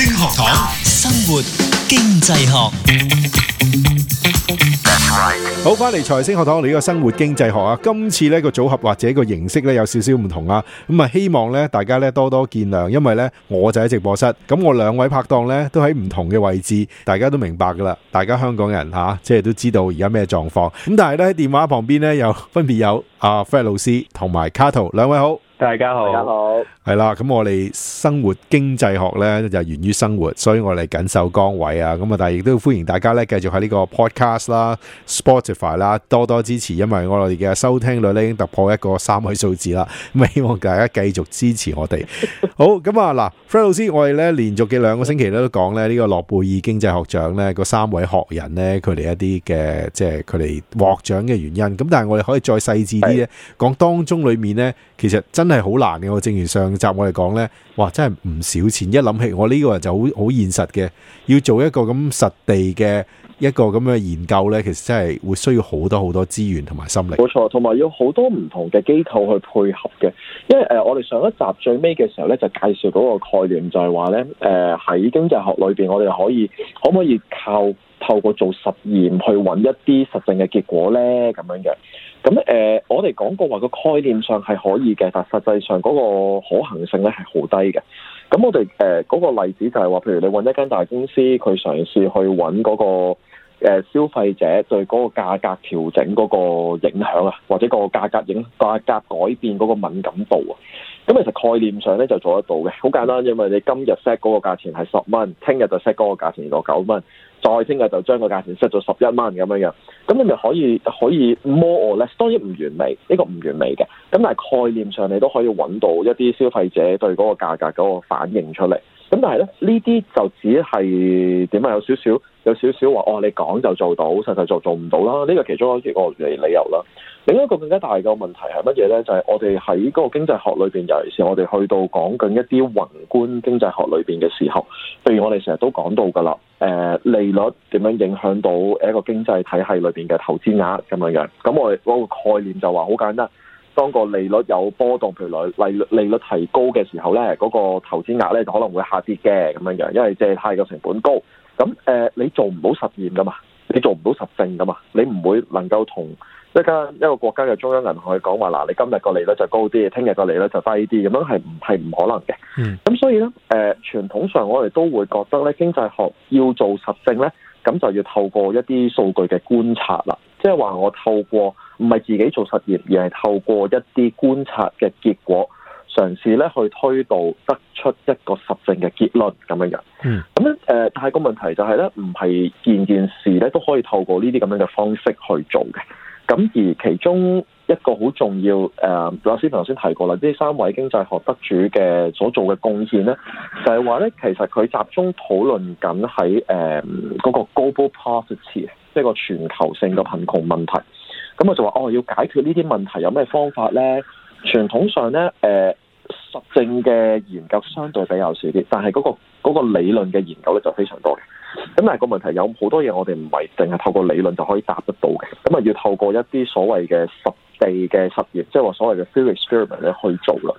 學生活經濟學，好翻嚟！財星學堂，我哋呢個生活經濟學啊。今次呢個組合或者個形式呢，有少少唔同啊，咁啊希望呢大家呢多多見諒，因為呢我就喺直播室，咁我兩位拍檔呢都喺唔同嘅位置，大家都明白噶啦，大家香港人吓，啊，即係都知道而家咩狀況，咁但係喺電話旁邊呢，又分別有阿 Fred 老師同埋 Cato 兩位好。大家好，大家好，係啦，咁我哋生活經濟學咧就源於生活，所以我哋緊守崗位啊，咁啊，但係亦都歡迎大家咧繼續喺呢個 Podcast 啦、Spotify 啦多多支持，因為我哋嘅收聽率咧已經突破一個三位數字啦，咁希望大家繼續支持我哋。 好，咁啊，嗱 Fred 老師，我哋咧連續嘅兩個星期咧都講咧呢個諾貝爾經濟學獎咧個三位學人咧佢哋一啲嘅即係佢哋獲獎嘅原因，咁但係我哋可以再細致啲咧講當中裏面咧其實真。真係好難嘅，我正如上集我哋講呢，哇，真係唔少錢。一諗起我呢個人就好好現實嘅，要做一個咁實地嘅一個咁嘅研究呢，其實真係會需要好多好多資源同埋心力。冇錯，同埋要好多唔同嘅機構去配合嘅。因為誒我哋上一集最尾嘅時候呢，就介紹嗰個概念就係話呢，誒喺經濟學裏邊，我哋可以可唔可以靠？透過做實驗去揾一啲實證嘅結果呢，咁樣嘅。咁、呃、我哋講過話個概念上係可以嘅，但實際上嗰個可行性咧係好低嘅。咁我哋誒嗰個例子就係話，譬如你揾一間大公司，佢嘗試去揾嗰、嗰個、呃、消費者對嗰個價格調整嗰個影響啊，或者個價格影價格改變嗰個敏感度啊。咁其實概念上咧就做得到嘅，好簡單，因為你今日 set 嗰個價錢係十蚊，聽日就 set 嗰個價錢係九蚊。再聽日就將個價錢 set 咗十一蚊咁樣樣，咁你咪可以可以 more or less 當然唔完美，呢、這個唔完美嘅，咁但係概念上你都可以揾到一啲消費者對嗰個價格嗰個反應出嚟。咁但係咧，呢啲就只係點啊？有少少有少少話，哦，你講就做到，實際做做唔到啦。呢個其中一個嚟理由啦。另一個更加大嘅問題係乜嘢咧？就係、是、我哋喺個經濟學裏面，尤其是我哋去到講緊一啲宏觀經濟學裏面嘅時候，譬如我哋成日都講到噶啦。誒利率點樣影響到誒一個經濟體系裏邊嘅投資額，咁樣樣？咁我哋嗰個概念就話好簡單，當個利率有波動，譬如來利率利率提高嘅時候咧，嗰個投資額咧就可能會下跌嘅咁樣樣，因為借貸嘅成本高。咁誒，你做唔到實驗噶嘛？你做唔到實證噶嘛？你唔會能夠同。一間一個國家嘅中央銀行去講話，嗱你今日個利率就高啲，聽日個利率就低啲，咁樣係唔係唔可能嘅？咁、mm. 所以咧，誒、呃、傳統上我哋都會覺得咧，經濟學要做實證咧，咁就要透過一啲數據嘅觀察啦，即係話我透過唔係自己做實驗，而係透過一啲觀察嘅結果，嘗試咧去推導得出一個實證嘅結論咁樣樣。咁咧誒，但係個問題就係咧，唔係件件事咧都可以透過呢啲咁樣嘅方式去做嘅。咁而其中一個好重要，誒、嗯，老師頭先提過啦，呢三位經濟學得主嘅所做嘅貢獻咧，就係話咧，其實佢集中討論緊喺誒嗰個 global poverty 即係個全球性嘅貧窮問題。咁、嗯、我就話，哦，要解決呢啲問題有咩方法咧？傳統上咧，誒、呃、實證嘅研究相對比較少啲，但係嗰、那個嗰、那個、理論嘅研究咧就非常多嘅。咁但係個問題有好多嘢我哋唔係淨係透過理論就可以答得到嘅，咁啊要透過一啲所謂嘅實地嘅實驗，即係話所謂嘅 field experiment 咧去做啦。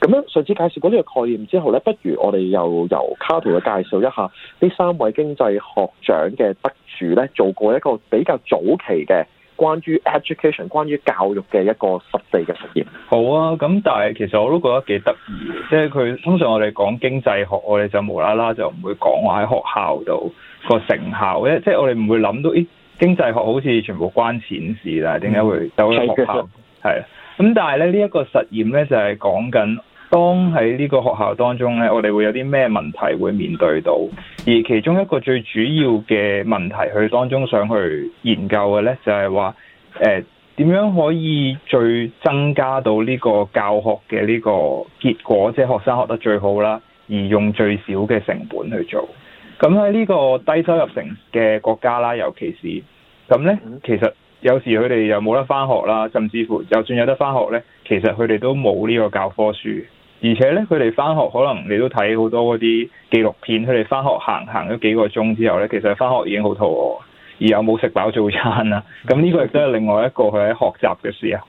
咁樣上次介紹過呢個概念之後咧，不如我哋又由卡圖去介紹一下呢三位經濟學獎嘅得主咧做過一個比較早期嘅。關於 education，關於教育嘅一個實地嘅實驗。好啊，咁但係其實我都覺得幾得意，即係佢通常我哋講經濟學，我哋就無啦啦就唔會講話我喺學校度個成效咧，即係我哋唔會諗到，咦、欸、經濟學好似全部關錢事啦，點解會走去學校？係、嗯、啊，咁但係咧呢一個實驗咧就係講緊。當喺呢個學校當中呢，我哋會有啲咩問題會面對到？而其中一個最主要嘅問題，佢當中想去研究嘅呢，就係話誒點樣可以最增加到呢個教學嘅呢個結果，即係學生學得最好啦，而用最少嘅成本去做。咁喺呢個低收入成嘅國家啦，尤其是咁呢，其實有時佢哋又冇得翻學啦，甚至乎就算有得翻學呢，其實佢哋都冇呢個教科書。而且咧，佢哋返學可能你都睇好多嗰啲紀錄片，佢哋返學行行咗幾個鐘之後咧，其實返學已經好肚餓，而有冇食飽早餐啊？咁呢個亦都係另外一個佢喺學習嘅時候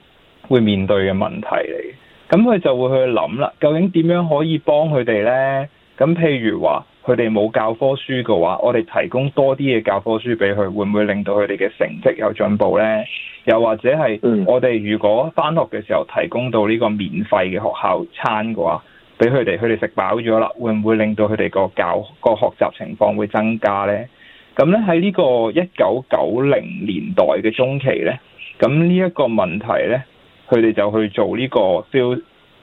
會面對嘅問題嚟。咁佢就會去諗啦，究竟點樣可以幫佢哋咧？咁譬如話，佢哋冇教科書嘅話，我哋提供多啲嘅教科書俾佢，會唔會令到佢哋嘅成績有進步呢？又或者係我哋如果返學嘅時候提供到呢個免費嘅學校餐嘅話，俾佢哋佢哋食飽咗啦，會唔會令到佢哋個教個學習情況會增加呢？咁咧，喺呢個一九九零年代嘅中期呢，咁呢一個問題呢，佢哋就去做呢個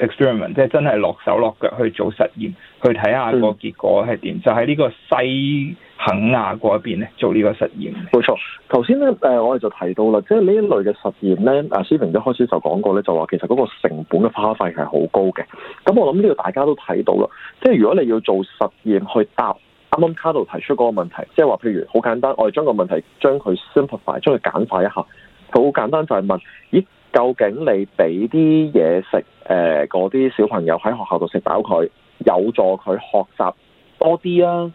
experiment 即係真係落手落腳去做實驗，去睇下個結果係點，嗯。就喺呢個西肯亞嗰邊咧做呢個實驗。冇錯，頭先咧誒，我哋就提到啦，即係呢一類嘅實驗咧。阿 Stephen 一開始就講過咧，就話其實嗰個成本嘅花費係好高嘅。咁我諗呢度大家都睇到啦。即係如果你要做實驗去答啱啱卡度提出嗰個問題，即係話譬如好簡單，我哋將個問題將佢 simplify 將佢簡化一下，好簡單就係問，咦？究竟你俾啲嘢食誒，嗰、呃、啲小朋友喺學校度食飽佢，有助佢學習多啲啊？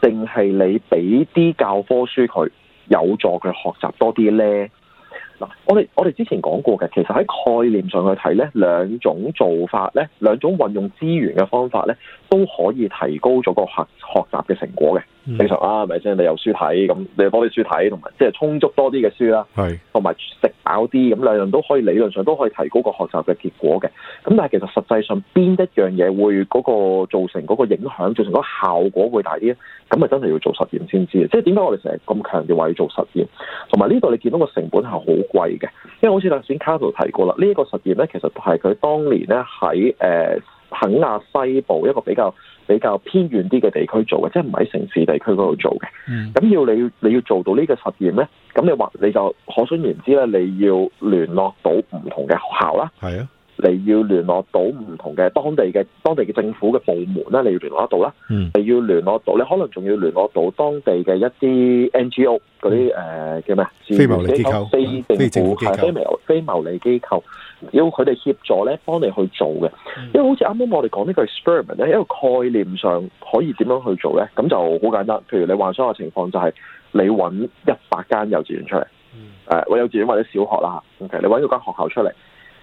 定係你俾啲教科書佢，有助佢學習多啲呢？嗱，我哋我哋之前講過嘅，其實喺概念上去睇呢，兩種做法呢，兩種運用資源嘅方法呢，都可以提高咗個學學習嘅成果嘅。正、嗯、常啊，係咪先？你有書睇，咁你多有多啲書睇，同埋即係充足多啲嘅書啦。同埋食飽啲，咁兩樣都可以理論上都可以提高個學習嘅結果嘅。咁但係其實實際上邊一樣嘢會嗰個造成嗰個影響，造成嗰效果會大啲咧？咁啊真係要做實驗先知。即係點解我哋成日咁強調話要做實驗？同埋呢度你見到個成本係好貴嘅，因為好似頭先卡度提過啦，呢、這個個實驗咧其實係佢當年咧喺、呃、肯亞西部一個比較。比較偏遠啲嘅地區做嘅，即係唔喺城市地區嗰度做嘅。嗯，咁要你你要做到呢個實驗咧，咁你話你就可想而知啦，你要聯絡到唔同嘅學校啦。係啊。你要聯絡到唔同嘅當地嘅當地嘅政府嘅部門咧，你要聯絡到啦、嗯。你要聯絡到，你可能仲要聯絡到當地嘅一啲 NGO 嗰啲誒叫咩？非牟利機構，非政府機構，非牟非牟利機構，要佢哋協助咧，幫你去做嘅、嗯。因為好似啱啱我哋講呢個 experiment 咧，一個概念上可以點樣去做咧？咁就好簡單。譬如你幻想嘅情況就係、是、你揾一百間幼稚園出嚟，誒、嗯，我、啊、幼稚園或者小學啦，OK，你揾嗰間學校出嚟。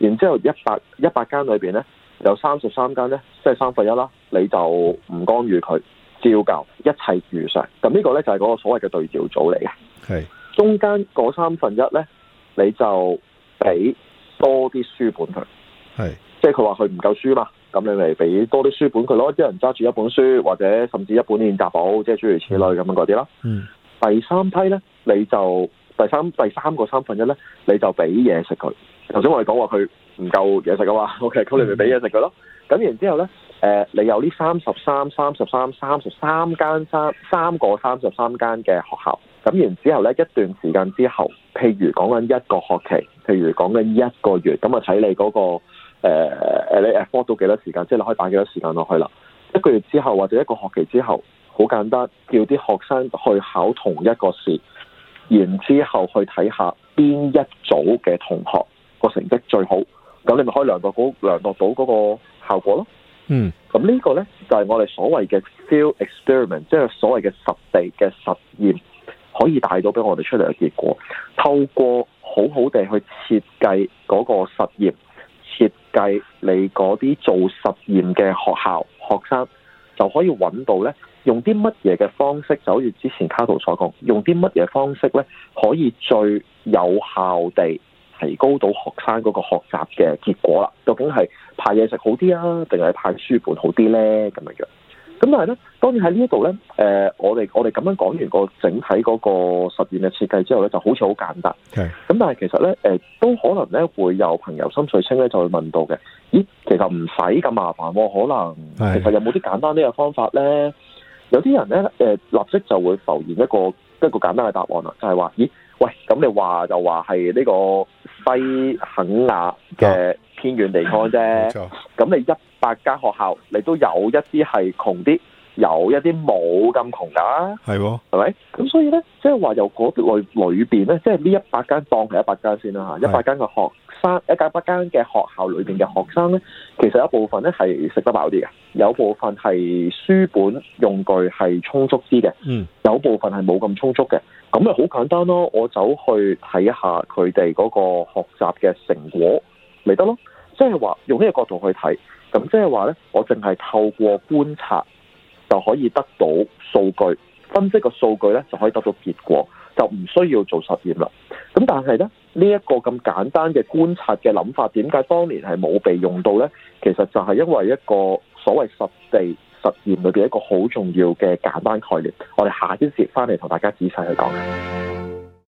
然之後一百一百間裏邊咧，有三十三間咧，即係三分一啦，你就唔干預佢，照舊一切如常。咁呢個咧就係、是、嗰個所謂嘅對照組嚟嘅。係中間嗰三分一咧，你就俾多啲書本佢。係，即係佢話佢唔夠書嘛，咁你咪俾多啲書本佢咯。啲人揸住一本書或者甚至一本練習簿，即係諸如此類咁樣嗰啲啦。嗯，第三批咧，你就第三第三個三分一咧，你就俾嘢食佢。頭先我哋講話佢唔夠嘢食嘅話，OK，佢哋咪俾嘢食佢咯。咁然之後呢，誒、呃，你有呢三十三、三十三、三十三間三三個三十三間嘅學校。咁然之後呢，一段時間之後，譬如講緊一個學期，譬如講緊一個月，咁啊睇你嗰、那個誒誒、呃、你 support 到幾多時間，即係你可以擺幾多時間落去啦。一個月之後或者一個學期之後，好簡單，叫啲學生去考同一個試，然之後去睇下邊一組嘅同學個成績最好，咁你咪可以量度，量度到嗰個效果咯。嗯，咁呢個呢就係我哋所謂嘅 field experiment，即係所謂嘅實地嘅實驗，可以帶到俾我哋出嚟嘅結果。透過好好地去設計嗰個實驗，設計你啲做實驗嘅學校學生，就可以揾到呢用啲乜嘢嘅方式，就好似之前卡圖所講，用啲乜嘢方式呢，可以最有效地。提高到學生嗰個學習嘅結果啦，究竟係派嘢食好啲啊，定係派書本好啲咧咁樣樣？咁但係咧，當然喺呢一度咧，誒、呃，我哋我哋咁樣講完個整體嗰個實驗嘅設計之後咧，就好似好簡單。咁但係其實咧，誒、呃，都可能咧會有朋友心水清咧就會問到嘅，咦，其實唔使咁麻煩喎，啊，可能其實有冇啲簡單啲嘅方法咧？有啲人咧，誒、呃，立即就會浮現一個一個簡單嘅答案啦，就係、是、話，咦？喂，咁你話就話係呢個西肯亞嘅偏遠地方啫。咁、啊、你一百間學校，你都有一啲係窮啲。有一啲冇咁窮噶，係喎，係咪？咁所以咧，即係話由嗰個裏邊咧，即係呢一百間當係一百間先啦嚇，一百間嘅學生，一間一百間嘅學校裏邊嘅學生咧，其實有一部分咧係食得飽啲嘅，有部分係書本用具係充足啲嘅、嗯，有部分係冇咁充足嘅。咁啊好簡單咯，我走去睇一下佢哋嗰個學習嘅成果，咪得咯。即係話用呢個角度去睇，咁即係話咧，我淨係透過觀察。就可以得到數據，分析個數據，咧就可以得到結果，就唔需要做實驗啦。咁但係咧，呢一個咁簡單嘅觀察嘅諗法，點解當年係冇被用到咧？其實就係因為一個所謂實地實驗裏邊一個好重要嘅簡單概念，我哋下一節翻嚟同大家仔細去講。